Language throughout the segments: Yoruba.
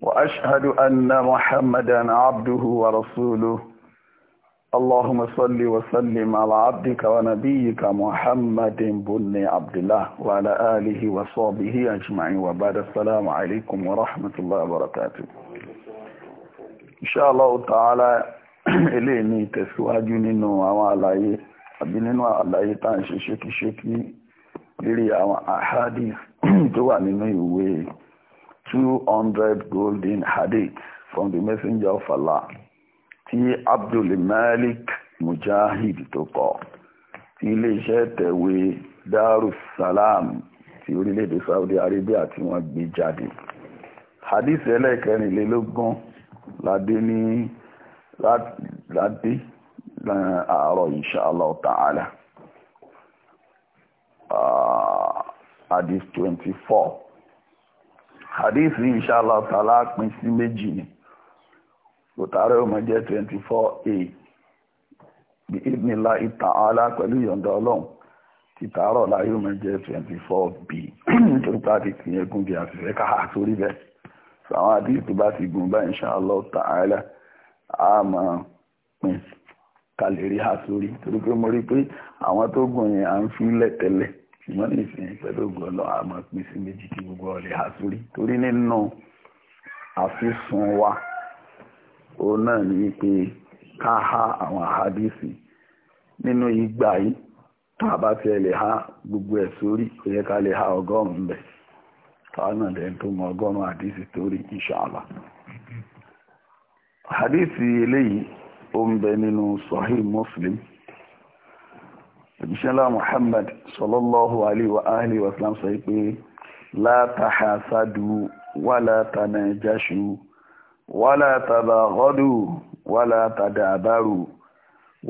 وأشهد أن محمدا عبده ورسوله اللهم صل وسلم على عبدك ونبيك محمد بن عبد الله وعلى آله وصحبه أجمعين وبعد السلام عليكم ورحمة الله وبركاته إن شاء الله تعالى إليني ni ìtẹ̀síwájú وعلي àwọn وعلي àbí شكي شكي tá à ń ṣe ṣékíṣékí 200 golden hadith from the messenger of Allah tí Abdul Malik Mujahid tó kọ tí iléeṣẹ́ tẹ̀wé Darussalam ti orílẹ̀-èdè Saudi Arabia tí wọ́n gbé jáde hadith ẹlẹ́kẹrìnlélógún ládé ní ládé àárọ̀ inshallah ta'ala ah, hadith 24 hadith yìí inshallah ta'ala pín sí méjì ni òtàrẹ́ ọmọ jẹ́ 24a bí ìdínlá ta'ala pẹ̀lú yọ̀ǹda ọlọ́run ti tààrọ̀ láyé ọmọ jẹ́ 24b nítorí pàtí ti yẹn gúngi àfẹ́fẹ́ káà sórí bẹ́ẹ̀ sọ àwọn hadith tó bá ti gùn bá inshallah ta'ala a máa pín kalẹ̀ rí ha sórí torí pé mo rí pé àwọn tó gùn yẹn à ń fi lẹ̀ wọ́n ní ìsìn pẹ̀lú ògùn ọlọ́run a máa pín sí méjì ha sórí torí nínú àfisùn wa òun náà ní pé ká ha àwọn àhádìsì nínú ìgbà yìí tá a bá gbogbo ẹ̀ sórí kò yẹ ká lè há ọgọ́rùn-ún bẹ̀ káwọn náà tó mọ ọgọ́rùn-ún torí ìbíṣẹ́lá Muhammad sallallahu alaihi wa alihi wa sallam sọ pé la tahasadu wala tanajashu wala tabaghadu wala tadabaru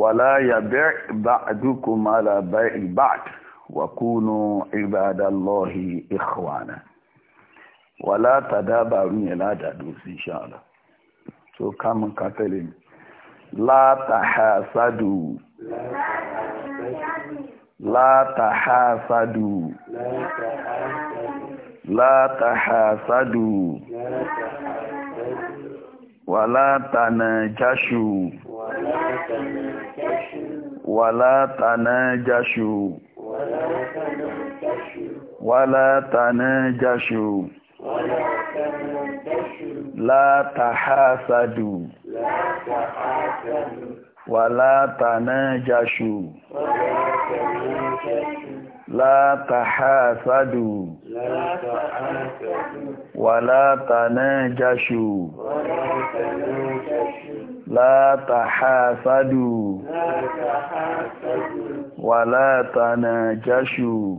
wala yabi' ba'dukum ala bay'i ba'd wa kunu ibadallahi ikhwana wala tadabaru yẹn ládàá dùn sí insha Allah tó ká mú ká tẹ́lẹ̀ mi látàhásádù látàhásádù látàhásádù wàlátànájáṣù wàlátànájáṣù wàlátànájáṣù látàhásádù. ولا تناجشوا لا تحاسدوا ولا تناجشوا لا تحاسدوا ولا تناجشوا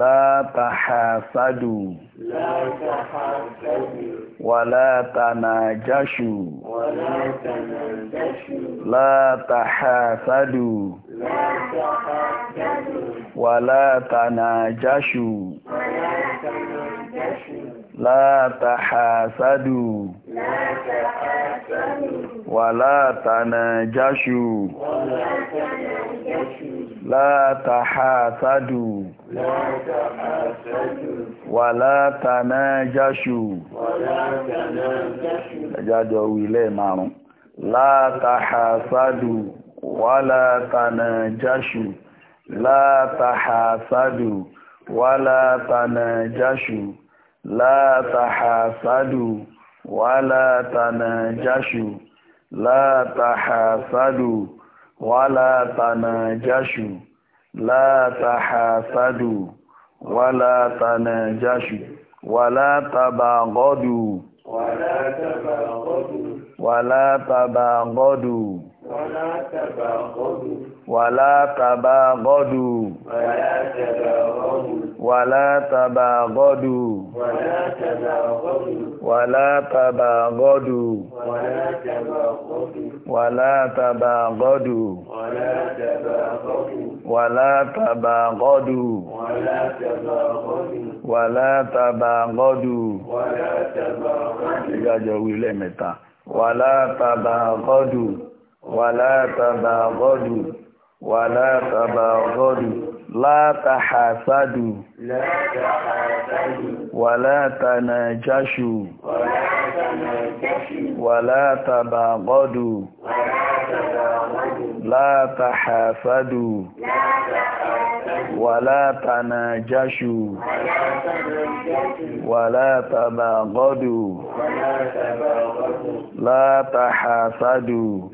لا تحاسدوا لا تحاسدوا ولا تناجشوا ولا تناجشوا لا تحاسدوا لا تحاسدوا ولا تناجشوا ولا تناجشوا لا تحاسدوا لا تحاسدوا ولا تناجشوا لا تحاسدوا ولا تناجشوا ẹjájọ́ ilé márùn لا تحاسدوا ولا تناجشوا لا تحاسدوا ولا تناجشوا لا تحاسدوا ولا تناجشوا لا تحاسدوا ولا تناجشوا لا تحاسدوا ولا تناجشوا ولا تباغضوا ولا تباغضوا ولا تباغضوا ولا تباغضوا ولا تباغضوا ولا تباغضوا ولا تباغضوا ولا تباغضوا ولا تباغضوا ولا تباغضوا ìgbàjọ wí lẹ́mẹ̀ta wàlá tàbàgọ́dù wàlá tàbàgọ́dù wàlá tàbàgọ́dù látàhásádù ولا تناجشوا ولا تباغضوا لا تحافدوا ولا تناجشوا ولا تباغضوا لا تحافدوا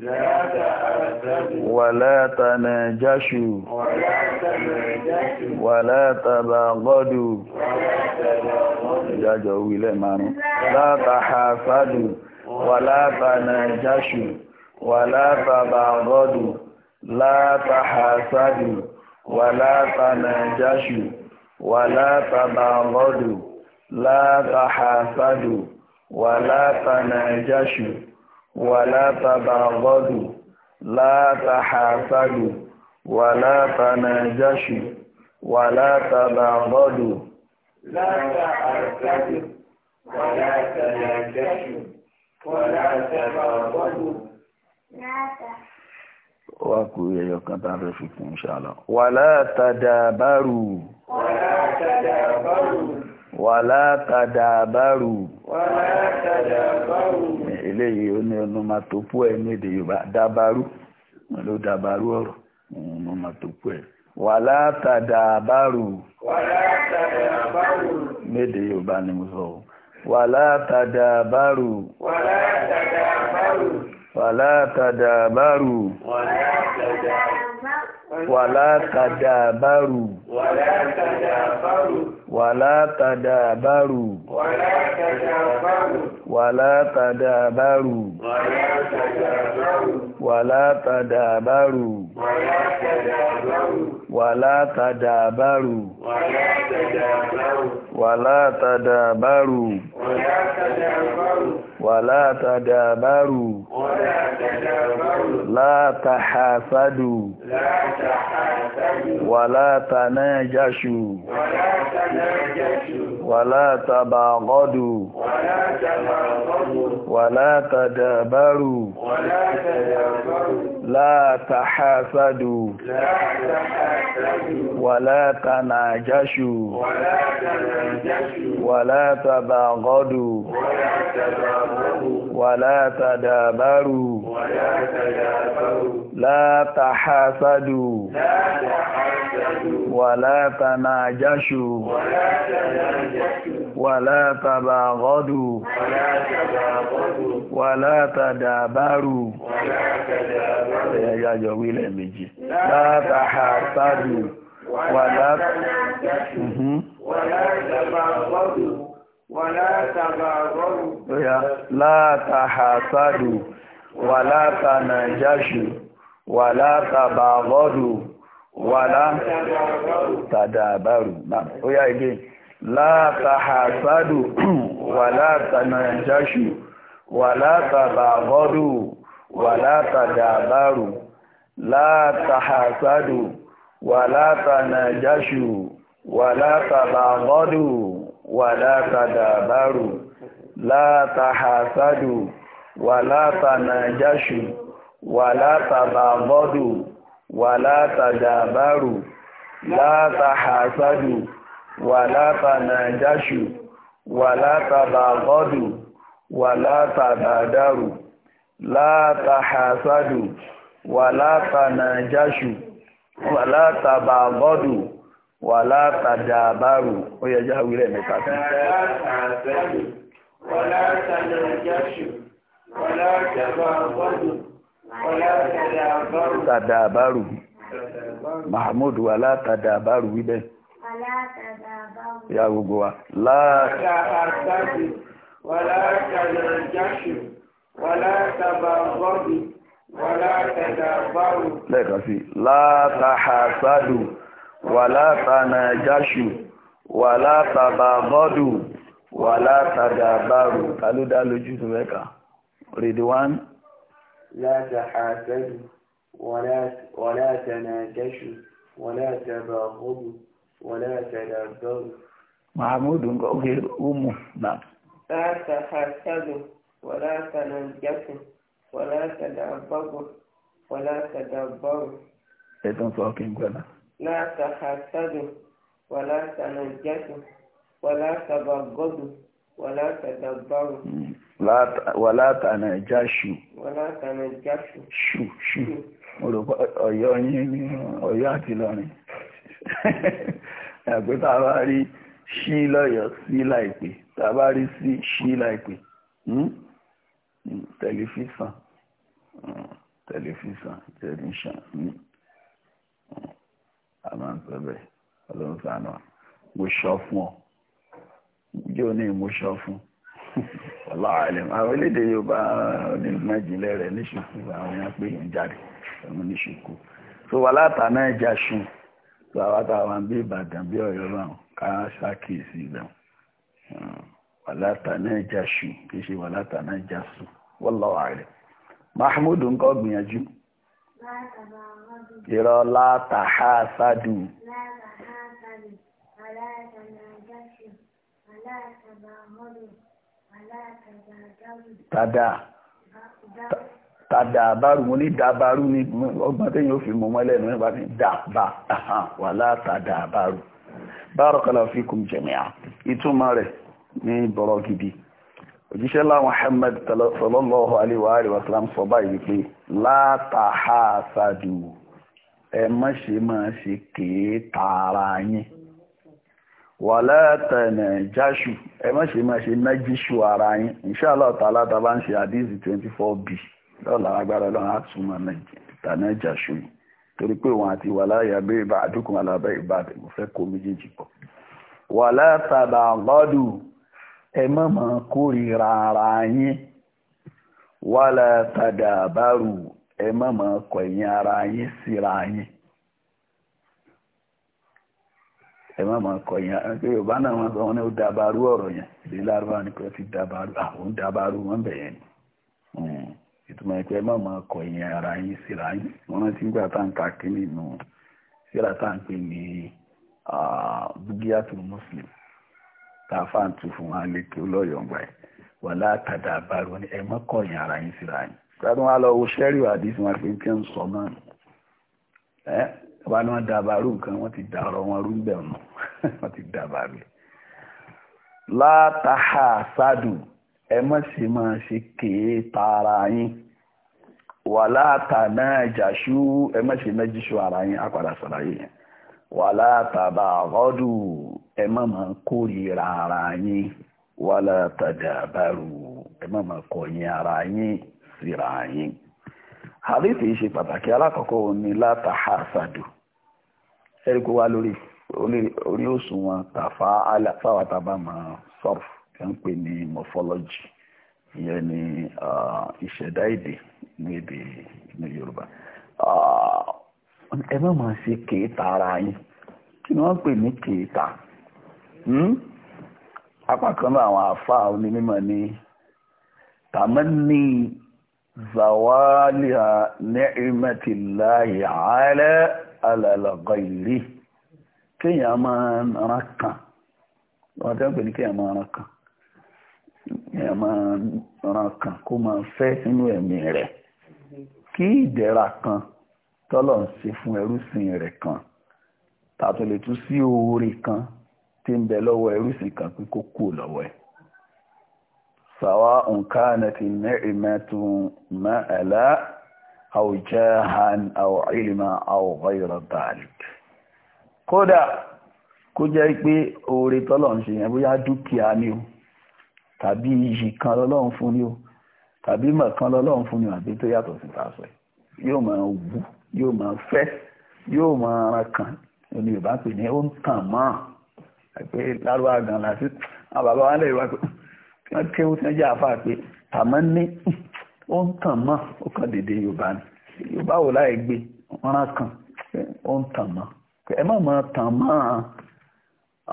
ولا تناجشوا ولا ولا تباغضوا ìdájọ́ owó ilẹ̀ márùn-ún لا تحاسدوا ولا تناجشوا ولا تباغضوا لا تحاسدوا ولا تناجشوا ولا تباغضوا لا تحاسدوا ولا تناجشوا ولا تباغضوا لا تحاسدوا ولا تناجشوا ولا تباغضوا لا تعتدوا ولا تناجشوا ولا تباغضوا Wa kú ẹyọ kan tá fẹ́ fi kún ṣàlọ. Wàlá tàdàbárù. Wàlá tàdàbárù. Wàlá tàdàbárù. Wàlá tàdàbárù. Eléyìí ó ní onomatopo ẹ̀ ní èdè Yorùbá dábárù. Wọ́n ló dábárù ọ̀rọ̀ mo mà tó pẹ́ wàlá tàdà bárù méde yorùbá ni mo sọ wàlá tàdà bárù wàlá tàdà bárù wàlá tàdà bárù wàlá tàdà bárù. ولا تدابروا ولا تدابروا ولا تدابروا ولا تدابروا ولا تدابروا ولا تدابروا ولا تدابروا لا تحاسدوا ولا تناجشوا ولا تباغضوا ولا تدابروا لا تحاسدوا ولا تناجشوا ولا تباغضوا ولا تدابروا لا تحاسدوا ولا تناجشوا ولا تباغضوا ولا تدابروا يا جوي لمجي لا تحاسدوا ولا ولا تباغضوا ولا تباغضوا لا تحاسدوا ولا تناجشوا ولا تباغضوا ولا تدابروا نعم ويا again látàhásádù wà látànàjáṣù wà látàbàbọ́dù wà látàdàbàrù látàhásádù wà látànàjáṣù wà látàbàbọ́dù wà látàdàbàrù látàhásádù wà látànàjáṣù wà látàbàbọ́dù wà látàdàbàrù látàhásádù wàlá tànàjáṣù wàlá tàbàgọ́dù wàlá tàbàdàrù látàhásádù wàlá tànàjáṣù wàlá tàbàgọ́dù wàlá tàdàbàrù ó yẹ já wílẹ̀ mẹ́ta sí. wàlá tànàjáṣù wàlá tàbàgọ́dù wàlá tàdàbàrù. tàdàbàrù mahmud wàlá tàdàbàrù wíbẹ̀. Ya gbogbo wa. Láàkà àtàkì, wàlá kàdà jáṣù, wàlá tàbà bọ́bì, wàlá kàdà báwù. Lẹ́ẹ̀kan sí, láàkà àtàdù, wàlá tànà jáṣù, wàlá tàbà bọ́dù, wàlá tàdà báwù. Ta ló dá lójú tó mẹ́ka? Rèdí wán. Láàkà àtàdù, wàlá tànà jáṣù, wàlá tàbà bọ́dù. ولا تنازعوا محمود قوي أمه نعم لا تحسدوا ولا تنجسوا ولا تدبروا ولا تدبروا لا تحسدوا ولا تنجسوا ولا تبغضوا ولا تدبروا لا، tànà ìjà ṣù ṣù ṣù شو، yín ní ọ̀yọ́ àti lọ́rin ẹ̀pẹ́ tá a bá rí ṣí lọ́yọ̀ sí láìpẹ́ tá a bá rí sí ṣí láìpẹ́ hmm? Hmm, hmm, tẹlifíṣàn tẹlifíṣàn tẹlifíṣàn ní a máa ń pẹ́ bẹ́ẹ̀ ọlọ́run sànà mo sọ fún ọ yóò ní mo sọ fún ọláàlẹ àwọn elédè yorùbá onímọ̀ ìjìnlẹ̀ rẹ̀ níṣùkú àwọn yẹn pé ń jáde ẹ̀mú níṣùkú tó wà látà náà jà ṣùn. tó àwọn táwọn bí ìbàdàn bí ọ̀yọ́ báwọn ká ṣàkíyèsí ibẹ̀ wàlátà náà já ṣù kì ṣe wàlátà náà já sùn wallahu a'lam mahmud nǹkan gbìyànjú irọ́ látàhá sádù tada. tàdàbárù mo ní dàbárù ní ọgbọ́n tẹ́yìn ó fi mọ́ mọ́lẹ̀ ní ìbá ní dàbà wà látàdàbárù bárakàlá fi kùn jẹ̀mìà ìtumọ̀ rẹ̀ ní bọ̀rọ̀ gidi òjíṣẹ́ láwọn Muhammad sallallahu alaihi wa sallam sọ báyìí pé látàhásádù ẹ má ṣe máa ṣe kéé tààrà yín wà látànà jáṣù ẹ má ṣe máa ṣe nájíṣù ara yín inshallah ta'ala tá ń ṣe àdíìsì 24b lọ́la agbára ọlọ́run á túmọ̀ tànájà ṣùgbọ́n torí pé òun àti wàlá yàgbé ìbá àdúkùn alábẹ́ ìbá mo fẹ́ kó méjèèjì pọ̀ wàlá tàbà lọ́dù ẹ má mà kórìíra ara yín wàlá tàdà bárù ẹ má mà kọ̀yìn ara yín síra yín ẹ má mà kọ̀yìn ara yín yorùbá náà wọn sọ wọn ní ó dàbàrú ọ̀rọ̀ yẹn ìdílé arúgbó ni pé ó ti àwọn dàbàrú ah, wọn bẹ̀yẹn ni. Hmm ìtumọ̀ ẹ̀pẹ́ má máa kọ ìyẹn ara yín síra yín wọ́n rántí nígbà tá à ń ka kínní nù síra tá à ń pè ní bugiatul muslim tá a fà ń tu fún wa lékè olóyọ̀ ńgbà yìí wà látàdá àbárò ní ẹ má kọ ìyẹn ara yín síra yín gbádùn wa lọ wo sẹ́rí wàdí tí wọ́n fi ń kí ń sọ náà ẹ wà ní wọ́n dàbàrú nǹkan wọ́n ti dàrọ̀ wọn rú bẹ̀ ọ̀nà ti dàbàrú látàhà sádùn ẹ má sì máa ṣe kèé tààrà yín wà látàná jàṣú ẹ má ṣe nájíṣu ara yín apàdà sàlàyé yẹn wà látàbà àgọ́dù ẹ má máa kórìíra ara yín wà látàdà bàrù ẹ má máa kọ̀yìn ara yín síra yín hadith yìí ṣe pàtàkì alákọ̀ọ́kọ́ òní látàhà sàdù ẹ̀rí kó wá lórí orí òṣùwọ̀n tàfà àlàfáwà tàbá máa sọ̀rọ̀ kí wọ́n pè ní morphology ìyẹn ní ìṣẹ̀dá èdè ní èdè ní Yorùbá ẹ má máa ṣe kéèta ara yín kí ni wọ́n pè ní kéèta hmm? apá kan náà àwọn àfa onímọ̀ ní tàmánì zawaliha ni'matillahi ala alalagayri kéèyàn máa ń ran kan wọ́n tẹ́ ń pè ní kéèyàn máa ń ran kan èèyàn máa ran kàn kó máa fẹ́ sínú ẹ̀mí rẹ̀ kí ìdẹ̀ra kan tọ́lọ̀ ń ṣe fún ẹrúsìn rẹ̀ kan tàtò lè tún sí oore kan tí ń bẹ lọ́wọ́ ẹrúsìn kan pé kó kú lọ́wọ́ ẹ̀ sàwa nkanati ni'matun ma'ala aw jahan aw ilma aw ghayra dhalik kódà kó jẹ́ pé oore tọ́lọ̀ ń ṣe yẹn bóyá dúkìá ni o tàbí iyì kan lọ́lọ́run fún ni o tàbí mọ̀ kan lọ́lọ́run fún ni àbí tó yàtọ̀ sí ta sọ yóò máa wù yóò máa fẹ́ yóò máa ran kan ní yorùbá pè ní ó ń tàn mọ́ pé lárúbá gan láti àwọn bàbá wa lè wá pé wọ́n kéwú tí wọ́n jẹ́ àáfàá pé tàmọ́ ní ó ń tàn mọ́ ó kàn dédé yorùbá ni yorùbá wò láì gbé ran kan ó ń tàn mọ́ ẹ má máa tàn mọ́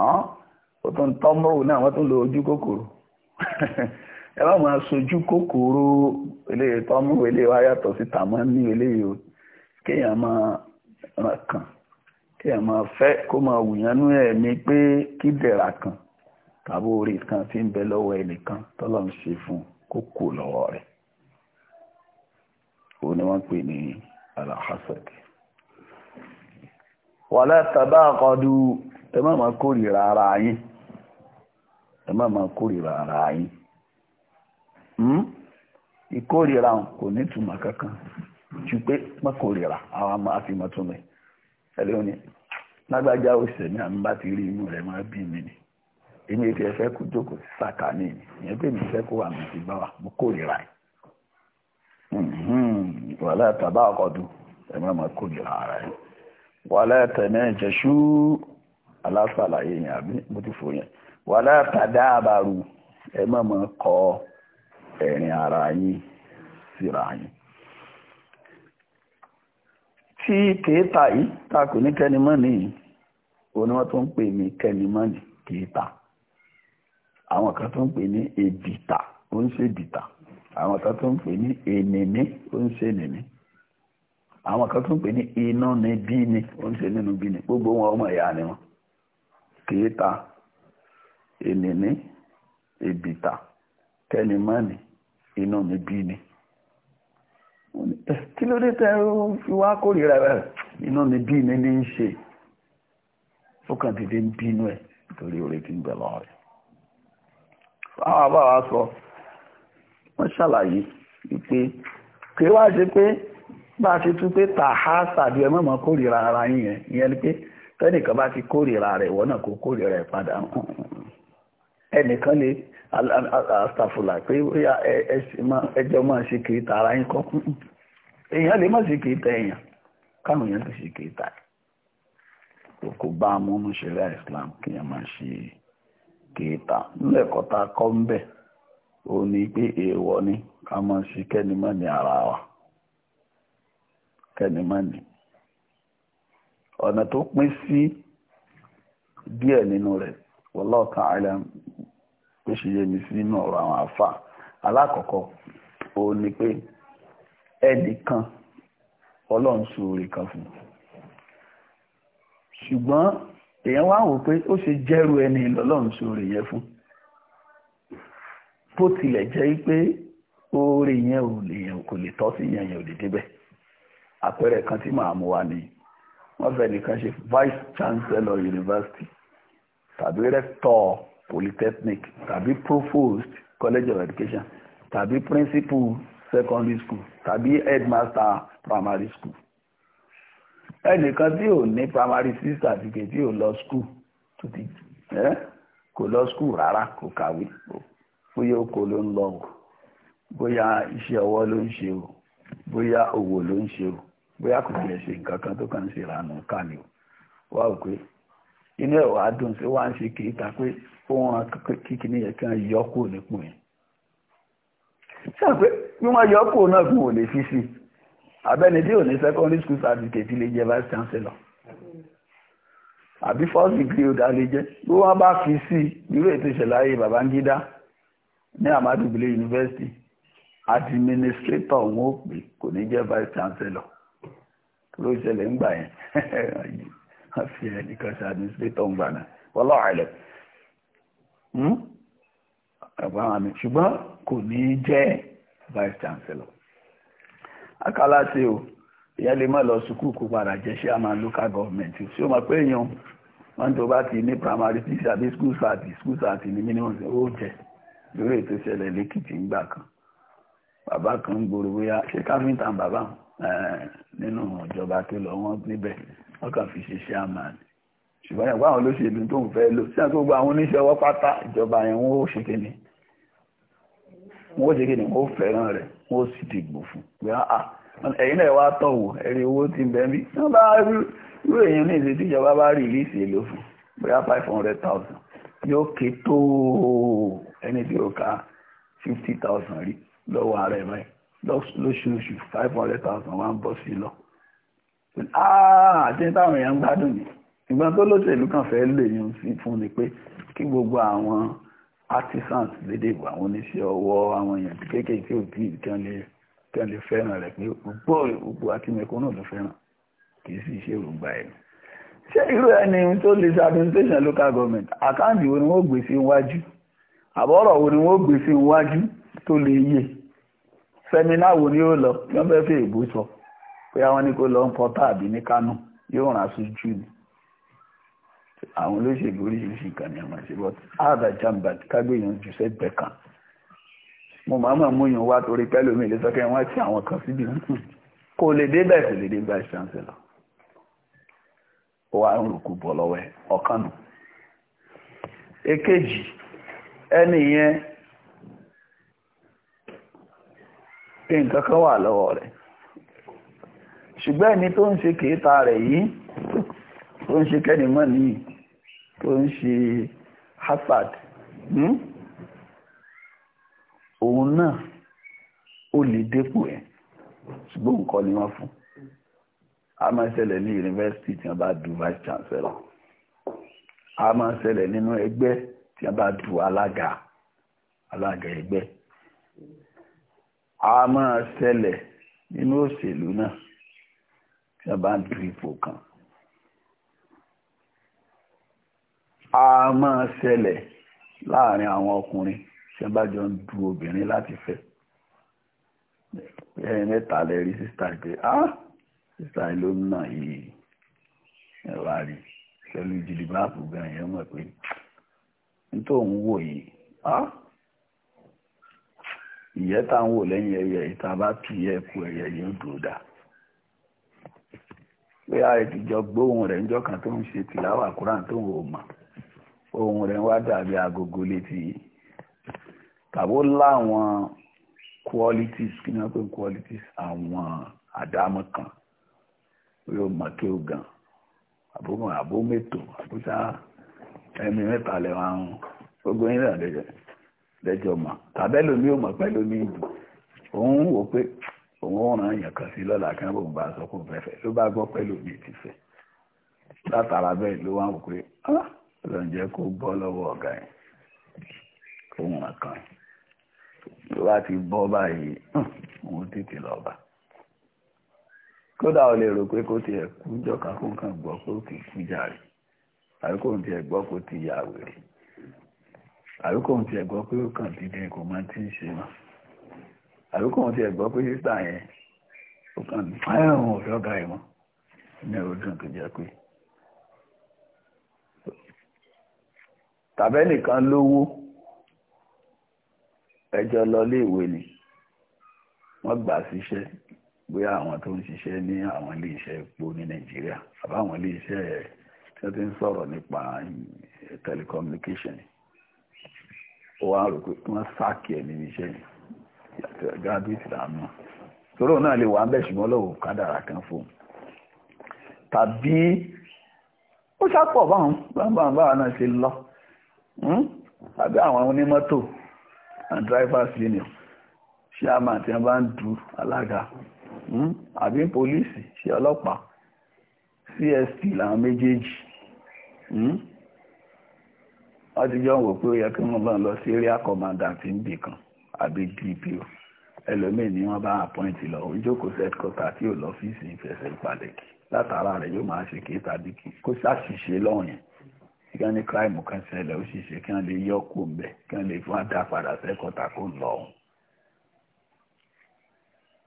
ọ́n ó tún tọ́mọ́rò náà wọ́n tún lo ojú kòkòrò ẹ bá máa sojú kòkòrò eléyìí tọ́mú eléyìí wá yàtọ̀ sí tàmọ́ ní eléyìí o kéèyàn máa ràn kàn kéèyàn máa fẹ́ kó máa wùyánú ẹ̀mí pé kí dẹ̀ra kan tàbí orí kan tí ń bẹ lọ́wọ́ ẹnìkan tọ́lọ́ ń ṣe fún kó kò lọ́wọ́ rẹ̀ òun ni wọ́n pè ní alahasad wàlá tàbá àkọdù ẹ máa kórìíra ara yín ẹ má máa kórìíra ara yín hmm? ìkórìíra kò ní ìtumọ̀ kankan ju pé má kórìíra àwọn àmọ́ àti mọ́túnmẹ́ ẹlẹ́wọ̀n lágbájá òṣìṣẹ́ ní àmì bá ti rí inú rẹ̀ máa bí mi ni èmi ètò ẹ̀fẹ́ kú jókòó sí sàkà ní ìní ìyẹn pé mi fẹ́ kó wà mí ti bá wa mo kórìíra ẹ̀ hmm, wàhálà tàbá ẹ má máa kórìíra ara ẹ̀ yẹn àbí mo ti fò yẹn wàlá tàdá àbárù ẹ má máa kọ ẹ̀rìn ara yín síra yín tí kèéta yìí ta ní kẹ́nimọ́ òní wọ́n tó ń pè ní kẹ́nimọ́ ní àwọn kan tó ń pè ní èdìtà ó ń ṣe èdìtà àwọn kan tó ń pè ní ènìní ó ènìní èbìtà kẹ́nìmọ́ni inú mi bí ni kí ló dé tẹ́ ó fi wá kórìíra rẹ̀ inú mi bí ni ní í ṣe ó kàn dìde ń bínú ẹ̀ torí orí ti ń bẹ̀ lọ́wọ́ rẹ̀ àwọn àbáwá sọ wọ́n ṣàlàyé wípé kí wá ṣe pé bá a ṣe tún pé tàhá sàbí ẹ mọ̀mọ́ kórìíra ara yín yẹn ìyẹn ni pé tẹ́nìkan bá ti kórìíra rẹ̀ ìwọ náà kò kórìíra ẹ̀ padà ẹnìkan ni astafula pé bóyá ẹjọ́ máa ṣe kìí ta ara yín kọ́ èèyàn lè má ṣe kìí ta èèyàn káwọn èèyàn lè ṣe kìí ta kò bá a mú ṣẹlẹ̀ Islam kí èèyàn máa ṣe kìí ta lẹ́kọ̀ọ́ kọ́ ń bẹ̀ ó ní pé ni ká máa ṣe kẹ́ni má ara wa kẹ́ni má ní ọ̀nà tó pín sí díẹ̀ nínú rẹ̀ ó ṣe yé mi sí nínú ọ̀rọ̀ àwọn àfà alákọ̀ọ́kọ́ ó ní pé ẹnìkan ọlọ́run ṣoore kan fún un ṣùgbọ́n èèyàn wá wò pé ó ṣe jẹ́rú ẹni lọ́lọ́run ṣoore yẹn fún bó tilẹ̀ jẹ́ pé oore yẹn ò lè yẹn kò lè tọ́ sí yẹn yẹn ò lè débẹ̀ àpẹẹrẹ kan tí màá mú wa nìyí wọ́n fẹ́ nìkan ṣe vice chancellor university tàbí rector polytechnic tàbí provost college of education tàbí principal secondary school tàbí headmaster primary school ẹnìkan tí ò ní primary six certificate tí ò lọ school tó ti ẹ kò lọ school rárá kò kàwé bóyá oko ló ń lọ o bóyá iṣẹ́ ọwọ́ ló ń ṣe o bóyá òwò ló ń ṣe o bóyá kò tiẹ̀ ṣe nǹkan kan tó kàn ń ṣe ìlànà kàní o wá ò pé inú ẹ̀ wá dùn sí wá ń ṣe kì í ta pé ohun kíkì ní ẹ̀kan yọkù nípò yẹn ṣáà pé bí wọ́n yọkù náà fún òlè fi sí abẹ́ni tí ò ní secondary school certificate lè jẹ́ vice chancellor àbí first degree ó dá lè jẹ́ bí wọ́n bá fi sí irú ètò ìṣẹ̀lẹ̀ ayé Babangida ní Ahmadu University administrator wọn ò pè kò ní jẹ́ vice chancellor ló ṣẹlẹ̀ ń gbà yẹn fi ẹnìkan ṣe administrator ń gbà náà wọ́n lọ́ọ̀ àìlẹ̀ ẹ̀gbọ́n àwọn àmì ṣùgbọ́n kò ní jẹ́ vice chancellor akálá sí o ìyá lè má lọ sùkúù kó padà jẹ́ ṣé àmà local government ṣé o mọ̀ pé èèyàn wọ́n tó bá ti ní primary six àbí school start school start ní minimum ó jẹ́ lórí ètò ìṣẹ̀lẹ̀ lẹ́kìtì ńgbà kan bàbá kan ń gbòòrò bóyá ṣe káfíńtà bàbá nínú ìjọba tó lọ wọ́n níbẹ̀ wọ́n kàn fi ṣe chairman ṣùgbọ́n ẹ̀kọ́ àwọn olóṣèlú tó ń fẹ́ lò sí àti gbogbo àwọn oníṣẹ́ ọwọ́ pátá ìjọba yẹn wọ́n ó ṣe kíni wọ́n ó ṣe kíni wọ́n ó fẹ́ràn rẹ̀ wọ́n ó sì dìgbò fún pé áà ah, ah, ẹ̀yin náà wá tọ̀ wò ẹ̀rí owó ti ń bẹ mí tí wọ́n bá rú èèyàn ní ìṣe tíjọba bá rí ìlísì èlò fún bóyá five hundred thousand yóò ké tó ẹni tí ó ka fifty thousand rí lọ́wọ́ ara ẹ̀ báyìí lóṣooṣù five hundred thousand wá ń bọ́ sí lọ Ah, àti táwọn èèyàn ń gbádùn ni ìgbọ́n tó lóṣèlú kan fẹ́ lè yún sí fún ni pé kí gbogbo àwọn artisans lédè àwọn oníṣẹ́ ọwọ́ àwọn èèyàn kéékèèké òbí kan lè kan lè fẹ́ràn rẹ̀ pé gbogbo gbogbo akínmẹ̀kọ́ náà ló fẹ́ràn kì í sì ṣe èròǹgbà ẹ̀ ṣé irú ẹni tó lè ṣe administration local government àkáǹtì wo ni wọ́n gbé sí iwájú àbọ̀rọ̀ wo ni wọ́n gbé sí iwájú tó lè yé sẹ́mínà wo ni ó lọ pé àwọn ní kó lọ ń pọtá àbí ní kánú yóò rán aṣojú ni àwọn olóṣèlú oríṣiríṣi kan ní àwọn ìṣẹ́bọ̀ áàdà jàǹbá kágbéyàn jù sẹ́gbẹ̀ẹ́ kan mo máa mọ̀ mú yàn wá torí pẹ́lú mi lè sọ kí wọ́n ti àwọn kan síbi kò lè dé bẹ́ẹ̀ sì lè dé bá ìṣàǹsẹ̀ ó wá ń rùkú bọ̀ lọ́wọ́ ẹ̀ ọ̀kan nù èkejì ẹni yẹn nǹkan kan wà lọ́wọ́ rẹ̀ ṣùgbọ́n ni tó ń ṣe kèéta rẹ̀ yìí tó ń ṣe kẹ́nìmọ́ nìyí tó ń ṣe hasad hmm? òun náà ó lè dépò ẹ̀ ṣùgbọ́n nǹkan ni wọ́n fún a máa ṣẹlẹ̀ ní yunifásitì tí wọ́n bá du vice chancellor a máa ṣẹlẹ̀ nínú ẹgbẹ́ tí wọ́n bá du alága alága ẹgbẹ́ a máa ṣẹlẹ̀ nínú òṣèlú náà tí a bá ń du ipò kan. a máa ṣẹlẹ̀ láàrin àwọn ọkùnrin tí a bá jọ ń du obìnrin láti fẹ́ ẹ̀yìn mẹ́ta lè rí sísá pé ah sísá ló ń nà yìí ẹ wá rí pẹ̀lú jìlìbáàpù gan yẹn mọ̀ pé nítorí òun wò yìí ah ìyẹ́ ń wò lẹ́yìn ẹyẹ ìta bá pì í ẹ̀kú ẹyẹ yóò dúró dáa pé a ìdìjọ gbóhùn rẹ̀ níjọ́ kan tó ń ṣe tìláwà kúrán tó ń wò mọ̀ ohùn rẹ̀ wá dàbí agogo létí tàbó láwọn qualities kí ni wọ́n pè qualities àwọn àdámọ́ kan yóò mọ̀ kí ó gan àbómọ̀ àbómẹ́tò àbúṣá ẹ̀mí mẹ́ta lẹ́wọ̀n àrùn gbogbo yín náà lẹ́jọ́ mọ̀ tàbẹ́lómi ò mọ̀ pẹ́lómi ìbò òun wò pé òun ọ̀ràn èèyàn kan sí lọ́la kí wọ́n bá aṣọ kó fẹ́fẹ́ ló bá gbọ́ ti fẹ́ látara bẹ́ẹ̀ ló wá wò pé ah, ọlọ́run jẹ́ kó lọ́wọ́ ọ̀gá yẹn wọ́n kàn bá ti bọ́ báyìí òun tètè o lè rò pé kó tiẹ̀ kú jọ̀ka kó nǹkan gbọ́ ti kú àbí kó tiẹ̀ gbọ́ kó ti yà wèrè àbí kó tiẹ̀ gbọ́ pé ó ti ń ṣe àbíkò wọn ti ẹ̀gbọ́ pé sísà yẹn ó kàn fáyọ̀n ọ̀fẹ́ ọ̀gá ẹ̀ wọn ní ọdún tó jẹ́ pé tàbẹ́ nìkan lówó ẹjọ́ lọ léèwé ni wọ́n gbà síṣẹ́ bóyá àwọn tó ń ṣiṣẹ́ ní àwọn iléeṣẹ́ epo ní Nàìjíríà àbáwọn iléeṣẹ́ tí wọ́n ti ń sọ̀rọ̀ nípa eh, telecommunication ó wá rò pé wọ́n sáàkì ẹ̀ níbi iṣẹ́ yìí graduate dànù torí òun náà lè wà ń bẹ̀ ṣùgbọ́n lọ́wọ́ kádàrà kan fún un tàbí ó ṣàpọ̀ báwọn báwọn báwọn náà ṣe lọ hmm? tàbí àwọn onímọ́tò and drivers union chairman tí wọ́n bá ń du alága hmm? àbí pólísì ṣe ọlọ́pàá CSP làwọn méjèèjì hmm? wọ́n ti jọ wò pé ó yẹ kí wọ́n bá ń lọ sí area commander tí ń bì kan àbí DPO ẹlòmíì ni wọ́n bá àpọ́ǹtì lọ òǹjókòó sẹ́kọ̀tà tí ò lọ́fíìsì ìfẹsẹ̀ ìpàdé kì látara rẹ̀ yóò máa ṣe kéta díkì kó ṣàṣìṣe lọ́yìn kí wọ́n ní kíráìmù kan ṣẹlẹ̀ ó ṣìṣe kí wọ́n lè yọ kó ń bẹ̀ kí wọ́n lè fún àdá padà sẹ́kọ̀tà kó ń lọ ọ̀hún.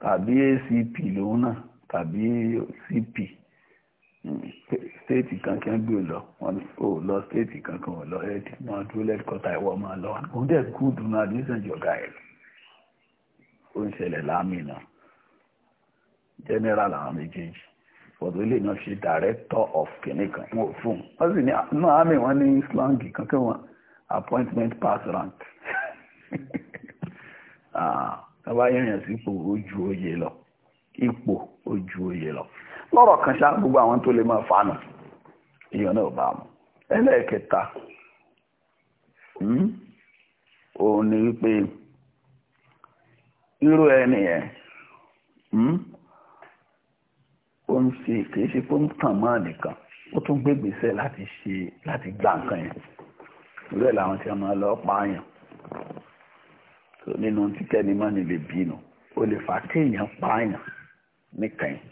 tàbí ACP lòun náà tàbí CP Hmm. stéètì kan kí wọ́n gbé lọ wọ́n ò oh, lọ stéètì kankan ò lọ ẹ̀ẹ́dì máa dúró lẹ́kọ̀ọ́ta ìwọ máa lọ òun dẹ̀ kú dùnú admission jọ̀gá ẹ̀ ó ń ṣẹlẹ̀ lámìnà general àwọn méjèèjì ọ̀dọ̀ ilé náà ṣe director of kìnìkan wọn ò fún un wọ́n sì ní inú àmì wọn ní slang kankan wọn appointment pass rank tá a ah, bá yẹ̀yàn sípò ojú oyè lọ ipò ojú oyè lọ lọ́rọ̀ kan ṣá gbogbo àwọn tó lè máa fàánà èèyàn náà bá mu ẹlẹ́ẹ̀kẹta hmm, òun ni wípé irú ẹni yẹn hmm, ó ń ṣe kìí ṣe pé ó ń tàn mọ́ nìkan ó tún gbégbèsè láti ṣe láti gba nǹkan yẹn irú ẹ̀ làwọn tí a máa lọ pààyàn nínú títẹ́ni mọ́ni lè bínú ó lè fà kéèyàn pààyàn nìkan yẹn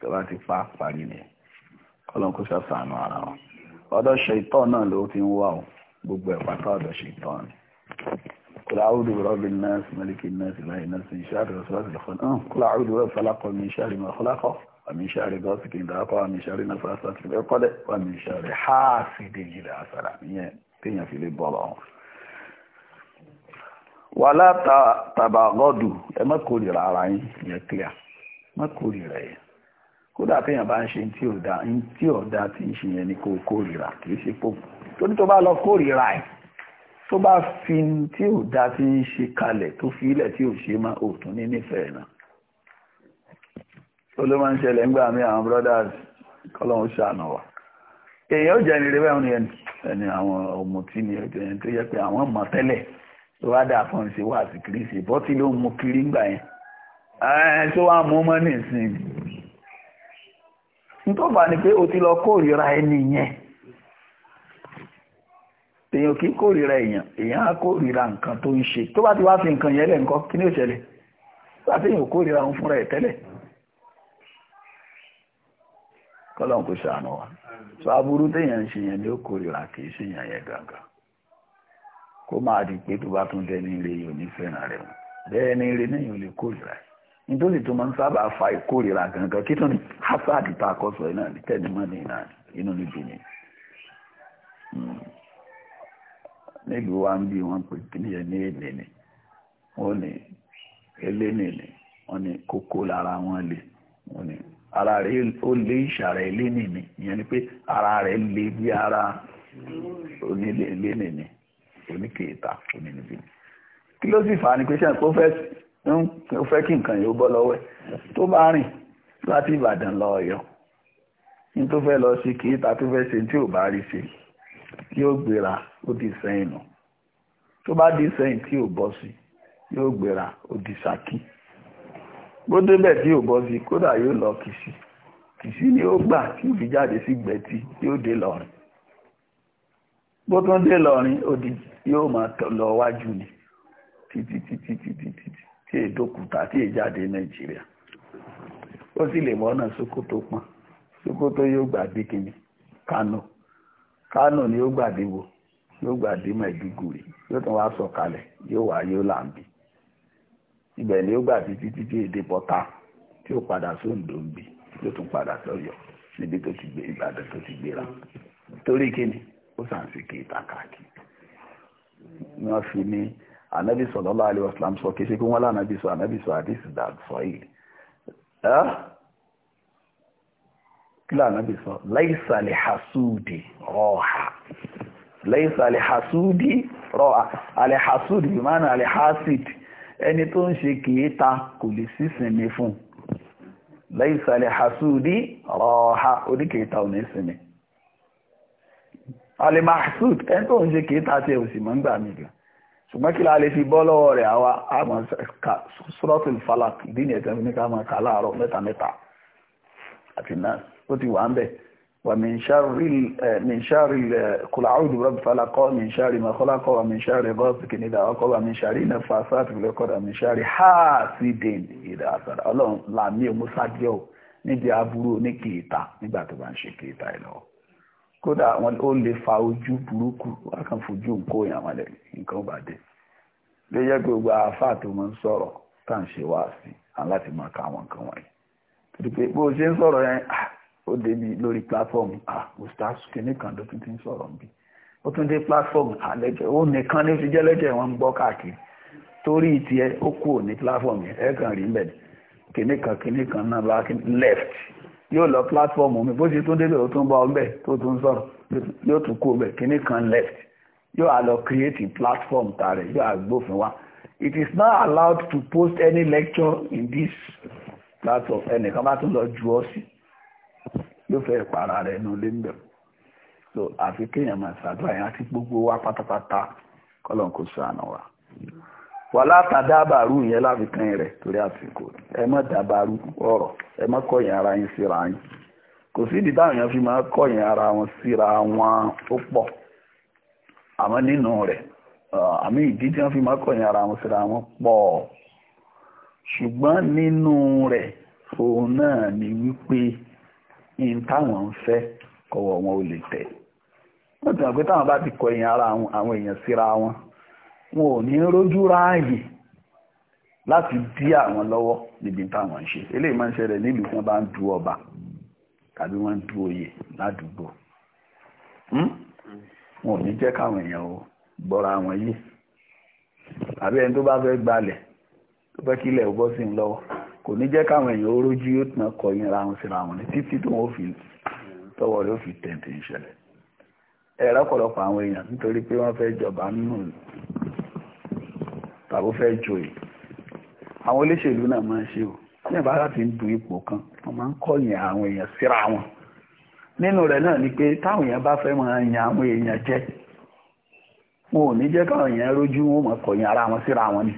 tó bá ti pa parí ni ọlọ́run kó ṣàṣàánú ara wọn ọ̀dọ̀ ṣètọ́ náà ló ti ń wà ó gbogbo ẹ̀ pátá ọ̀dọ̀ ṣètọ́ ni kula audu bi rabbi nas maliki nas ilahi nas min sharri wasawasil khannas kula audu bi falaq min sharri ma khalaq wa min sharri ghasiqin idha waqa wa min sharri nafasat wàlá tàbàgọ́dù ẹ má ara yín yẹn kíá má yẹn kódà téèyàn bá ń ṣe tí ò dá tí ò dá tí ń ṣe yẹn ni kò kórìíra kì í ṣe pò torí tó bá lọ kórìíra ẹ̀ tó bá fi tí ò tí ń ṣe kalẹ̀ tó fi ilẹ̀ tí ò ṣe máa ò ní nífẹ̀ẹ́ náà ó ló máa ń ṣẹlẹ̀ ńgbà mí àwọn brothers kọ́lọ́hún ṣàánú wa èèyàn jẹ́ ní rẹ̀ wẹ́n ni ẹni àwọn ọ̀mùtí ni ọjọ́ yẹn tó yẹ pé àwọn mọ̀ tẹ́lẹ̀ tó wá dà fún ìṣe wá ló wá mú tó bá ní pé o ti lọ kórìíra ẹni yẹn èèyàn kì í kórìíra èèyàn èèyàn á kórìíra nǹkan tó ń ṣe tó bá ti wá fi nǹkan yẹn lẹ̀ kí ni ó ṣẹlẹ̀ ti èèyàn òun fúnra ẹ̀ tẹ́lẹ̀ kọ́lọ́n kò ṣàánú wa sọ aburú téèyàn ń ṣe yẹn ni ó kórìíra kì í ṣe yẹn yẹn gangan kó máa di pé tó bá tún dẹni ire yìí ò ní fẹ́ràn rẹ̀ ni ire nítorí tó máa ń sábà fa ìkórìíra gangan kí tó ní hásàdì tá a kọ́ sọ ní tẹ́lẹ̀mọ́ ní náà inú níbi ni hmm. nílùú wa ń bí wọ́n pè kí nìyẹn èlé ni wọ́n ní eléni ni wọ́n ní kókó lára wọn lè wọ́n ní ara rẹ̀ ó lé ìṣàrẹ̀ eléni ni ìyẹn ni pé ara rẹ̀ lé bí ara onílé eléni ni oníkèéta oníníbi ni kí ló sì fà á ni pé ṣe àpò fẹ́ẹ́ ó fẹ́ kí nǹkan yóò bọ́ lọ́wọ́ ẹ̀ tó bá rìn láti ìbàdàn lọ ọ̀yọ́ ní tó fẹ́ lọ sí kìí ta tó fẹ́ ṣe tí ò bá rí ṣe yóò gbéra ó di sẹ́yìn nù tó bá di sẹ́yìn tí ò bọ́ sí yóò gbéra ó di Ṣakí bó débẹ̀ tí ò bọ́ sí kódà yóò lọ Kìṣí Kìṣí ni ó gbà tí ò fi jáde sí gbẹ̀tì yóò dé lọ́rin bó tún dé lọ́rin ó di yóò máa lọ wájú ni títí títí títí títí. tí èdòkúta tí èjáde nàìjíríà ó sì lè wọ́nà sokoto pọ́n sokoto yóò gbàdé kínní Kánò Kánò ni yóò gbàdé wo yóò gbàdé Maiduguri yóò tún wá sọ̀kalẹ̀ yóò wá yóò làǹbì ibẹ̀ ni yóò gbàdé títí tí èdè pọ́tà tí ó padà sóńdó ń bì yóò tún padà sọ́yọ́ níbi tó ti gbé Ìbàdàn tó ti gbéra torí kínní ó sàn sí kí ìtàkàkì wọ́n fi ní. ànábì sallallahu alaihi wasallam sọ kí ṣe kí wọ́n lánàbì sọ ànábì sọ àdìsí dàgbọ́ yìí kí lánàbì sọ laysa li hasudi rọ́ọ̀hà laysa li hasudi rọ́ọ̀hà alihasudi bí máa ń alihasid ẹni tó ń ṣe kìíta kò lè sísinmi fún laysa li hasudi rọ́ọ̀hà oníkìíta ò ní sinmi alimahsud ẹni tó ń ṣe kìíta tí ẹ ò mọ́ ń gbà mí ṣùgbọ́n kí la lè fi bọ́ lọ́wọ́ rẹ̀ àwa àmọ́ sọ́rọ́tì falak ìdí ni ẹ̀tẹ́ ní ká máa kà láàárọ̀ mẹ́ta mẹ́ta àti náà ó ti wà ń bẹ̀ wà min sharri eh, eh, qul a'udhu bi rabbil falaq min sharri ma khalaq wà min sharri ghasiqin idha waqab wà min sharri naffasati fil 'uqad wà min sharri hasidin idha ọlọ́run làmí òmùsàdíọ̀ níbi aburú oníkèéta nígbà tó bá ń ṣe kèéta ẹ̀ kódà wọn ó lè fa ojú burúkú wọ́n kàn fojú nǹkó èèyàn mọ́lẹ̀ nǹkan ó dé ló jẹ́ pé gbogbo àáfàá tó máa ń sọ̀rọ̀ tá à ń ṣe wá sí à láti máa ka àwọn nǹkan o ṣe ń yẹn ah, ó lórí platform ah ustaz kìíní kan ló tún ti ń sọ̀rọ̀ níbi ó tún dé platform àlẹ́jẹ̀ ah, ó nìkan ní fi jẹ́lẹ́jẹ̀ wọn ń gbọ́ káàkiri torí tiẹ̀ ó kúrò ní platform yẹn yóò lọ platform mi bó ṣe tún débẹ̀ ó tún bá ọ tó tún sọ̀rọ̀ yóò tún kó bẹ̀ kíní kan left yóò á lọ create platform tààrẹ̀ yóò á gbófin wá it is not allowed to post any lecture in this platform ẹnìkan bá tún lọ ju ọ sí yóò fẹ́ para rẹ̀ nù lé mbẹ̀ so àfi kéèyàn máa ṣàdúrà yẹn àti gbogbo wa pátápátá kọ́lọ́n kò sọ àná wa wà látàdábàrú yẹn láfikàn rẹ̀ torí àsìkò ẹ má dábàrú ọ̀rọ̀ ẹ má kọ̀yìn ara yín síra yín kò sídìí táwọn èèyàn fi máa kọ̀yìn ara wọn síra wọn ó pọ̀ àmọ́ nínú rẹ̀ uh, àmì ìdí tí wọ́n fi máa kọ̀yìn ara wọn síra wọn pọ̀ ṣùgbọ́n nínú rẹ̀ òun náà ni wípé in táwọn ń fẹ́ kọ̀wọ̀ wọn ò lè tẹ̀ wọ́n ti mọ̀ pé táwọn bá ti kọ̀yìn ara àwọn èèyàn síra wọn wọn ò ní rójú ráàyè láti dí àwọn lọ́wọ́ níbi táwọn ń ṣe eléyìí máa ń ṣẹlẹ̀ nílùú tí wọ́n bá ń du ọba tàbí wọ́n ń du oyè ládùúgbò hmm? wọn ò ní jẹ́ káwọn èèyàn ò gbọ́ra wọn yìí àbí ẹni tó bá fẹ́ gbalẹ̀ tó fẹ́ kílẹ̀ ó bọ́ sí ń lọ́wọ́ kò ní jẹ́ káwọn èèyàn ó rójú yóò tún kọ yín ra wọn síra wọn ní títí tó wọn fi tọwọ́ rẹ̀ ó fi tẹ̀ǹtẹ̀ ìṣẹ̀lẹ̀ ẹ̀rọ ọ̀pọ̀lọpọ̀ àwọn èèyàn nítorí pé wọ́n fẹ́ jọba nínú tàbí ó fẹ́ joyè àwọn olóṣèlú náà máa ń ṣe o ní ìbára ti ń du ipò kan wọ́n máa ń kọ̀yìn àwọn èèyàn síra wọn nínú rẹ̀ náà ni pé táwọn èèyàn bá fẹ́ máa yan àwọn èèyàn jẹ wọn ò ní jẹ́ káwọn èèyàn rójú wọn máa kọ̀yìn ara wọn síra wọn ni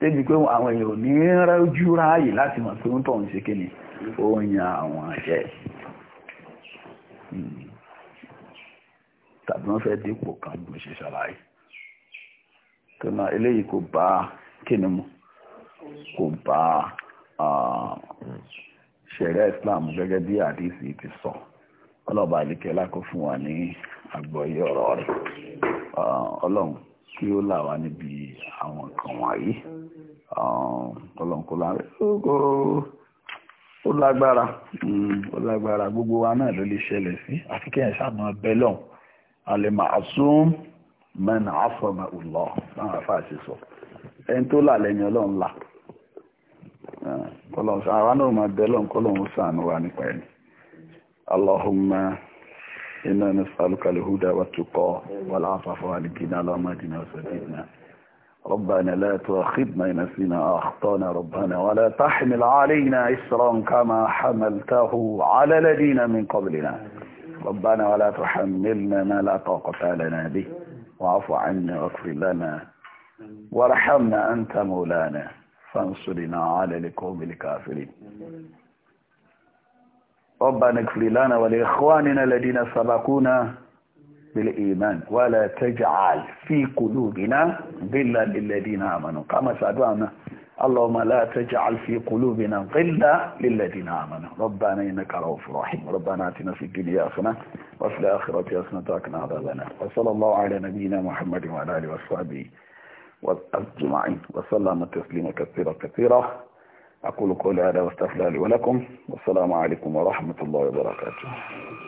débi pé àwọn èèyàn ò ní rójú ráàyè láti mọ̀ pé ń tọ̀ ń ṣe kí ni ó yan àwọn jẹ hmm. tàbí wọ́n fẹ́ dípò kan bó ṣe ṣàlàyé tọ́nà eléyìí kò bá kíni mu kò bá ṣẹ̀rẹ́ islam gẹ́gẹ́ bí àdìsí ti sọ ọlọ́ba àlìkẹ́lá kó fún wa ní àgbọ̀yé ọ̀rọ̀ rẹ̀ ọlọ́run kí ó là wá níbi àwọn nǹkan wọ̀nyí ọlọ́run kó lára ó lágbára hmm, ó lágbára gbogbo wa náà ló lè ṣẹlẹ̀ sí àfikẹ́yìn sábà bẹ́lọ̀ alẹ́ màá sún man afọmọ ọlọ báwọn afa ṣe sọ ẹni tó là lẹ́yìn ọlọ́run là kọlọ́n àwa náà máa bẹ lọ́n kọlọ́n ó sànù wa nípa ẹni allahumma inna nas'aluka al-huda wa tuqa wal afafa wal ghina allahumma hdina wa sadidna ربنا لا تؤاخذنا إن نسينا أخطانا ربنا ولا تحمل علينا إسرا كما حملته على الذين من قبلنا ربنا ولا تحملنا ما لا طاقة لنا به واعف عنا واغفر لنا وارحمنا أنت مولانا فانصرنا على القوم الكافرين ربنا اغفر لنا ولإخواننا الذين سبقونا بالإيمان ولا تجعل في قلوبنا غلا للذين آمنوا كما سأدعنا اللهم لا تجعل في قلوبنا غلا للذين آمنوا ربنا إنك رؤوف رحيم ربنا آتنا في الدنيا حسنة وفي الآخرة حسنة وقنا عذاب النار وصلى الله على نبينا محمد وعلى آله وصحبه أجمعين وسلم تسليما كثيرا كثيرا أقول قولي هذا واستغفر لي ولكم والسلام عليكم ورحمة الله وبركاته